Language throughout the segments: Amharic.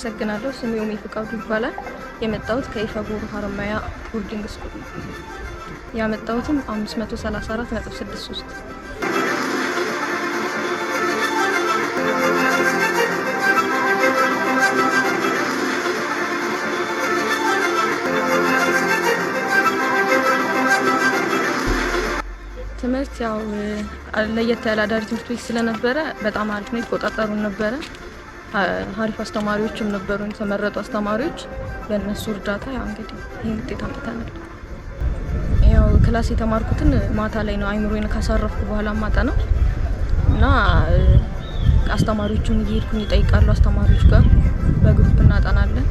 አመሰግናለሁ። ስሜ ኦሜ ፍቃዱ ይባላል። የመጣሁት ከኢፈጉር ሀረማያ ቦርዲንግ ስኩል ያመጣሁትም 534.63 ትምህርት ያው ለየት ያለ አዳሪ ትምህርት ቤት ስለነበረ በጣም አሪፍ ነው። ይቆጣጠሩን ነበረ ሀሪፍ አስተማሪዎችም ነበሩን፣ የተመረጡ አስተማሪዎች። በእነሱ እርዳታ ያው እንግዲህ ይህ ውጤት አምጥተናል። ያው ክላስ የተማርኩትን ማታ ላይ ነው አይምሮዬን ካሳረፍኩ በኋላ ማጣ ነው እና አስተማሪዎቹን እየሄድኩኝ ይጠይቃሉ። አስተማሪዎች ጋር በግሩፕ እናጠናለን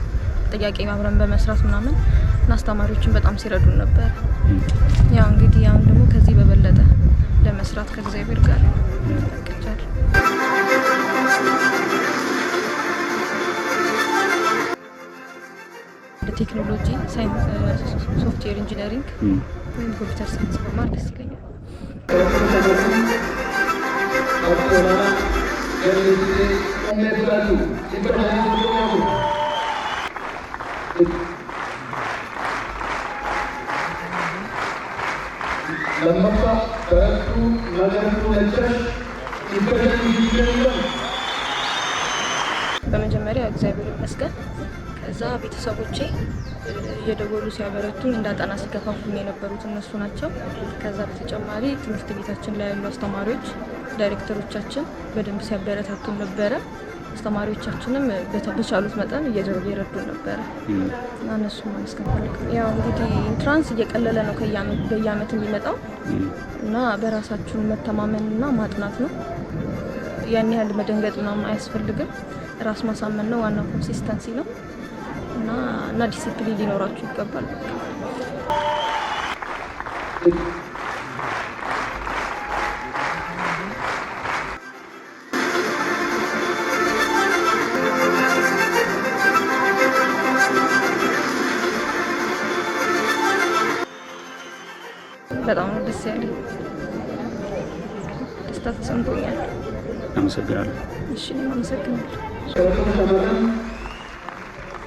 ጥያቄ አብረን በመስራት ምናምን እና አስተማሪዎችን በጣም ሲረዱን ነበር። ያው እንግዲህ አሁን ደግሞ ከዚህ በበለጠ ለመስራት ከእግዚአብሔር እንደ ቴክኖሎጂ ሶፍትዌር ኢንጂነሪንግ ወይም ኮምፒውተር ሳይንስ በማር ደስ ይለኛል። በመጀመሪያ እግዚአብሔር ይመስገን ከዛ ቤተሰቦቼ እየደወሉ ሲያበረቱኝ እንዳጠና ሲገፋፉኝ የነበሩት እነሱ ናቸው። ከዛ በተጨማሪ ትምህርት ቤታችን ላይ ያሉ አስተማሪዎች፣ ዳይሬክተሮቻችን በደንብ ሲያበረታቱን ነበረ። አስተማሪዎቻችንም በተቻሉት መጠን እየደረጉ ነበረ እና እነሱ ያው እንግዲህ ኢንትራንስ እየቀለለ ነው በየአመት የሚመጣው እና በራሳችሁን መተማመንና ማጥናት ነው። ያን ያህል መደንገጥ ምናምን አያስፈልግም። ራስ ማሳመን ነው ዋናው፣ ኮንሲስተንሲ ነው። እና እና ዲሲፕሊን ሊኖራችሁ ይገባል። በጣም ነው ደስ ያለኝ። ደስታ ተሰምቶኛል። አመሰግናለሁ። እሺ፣ አመሰግናለሁ።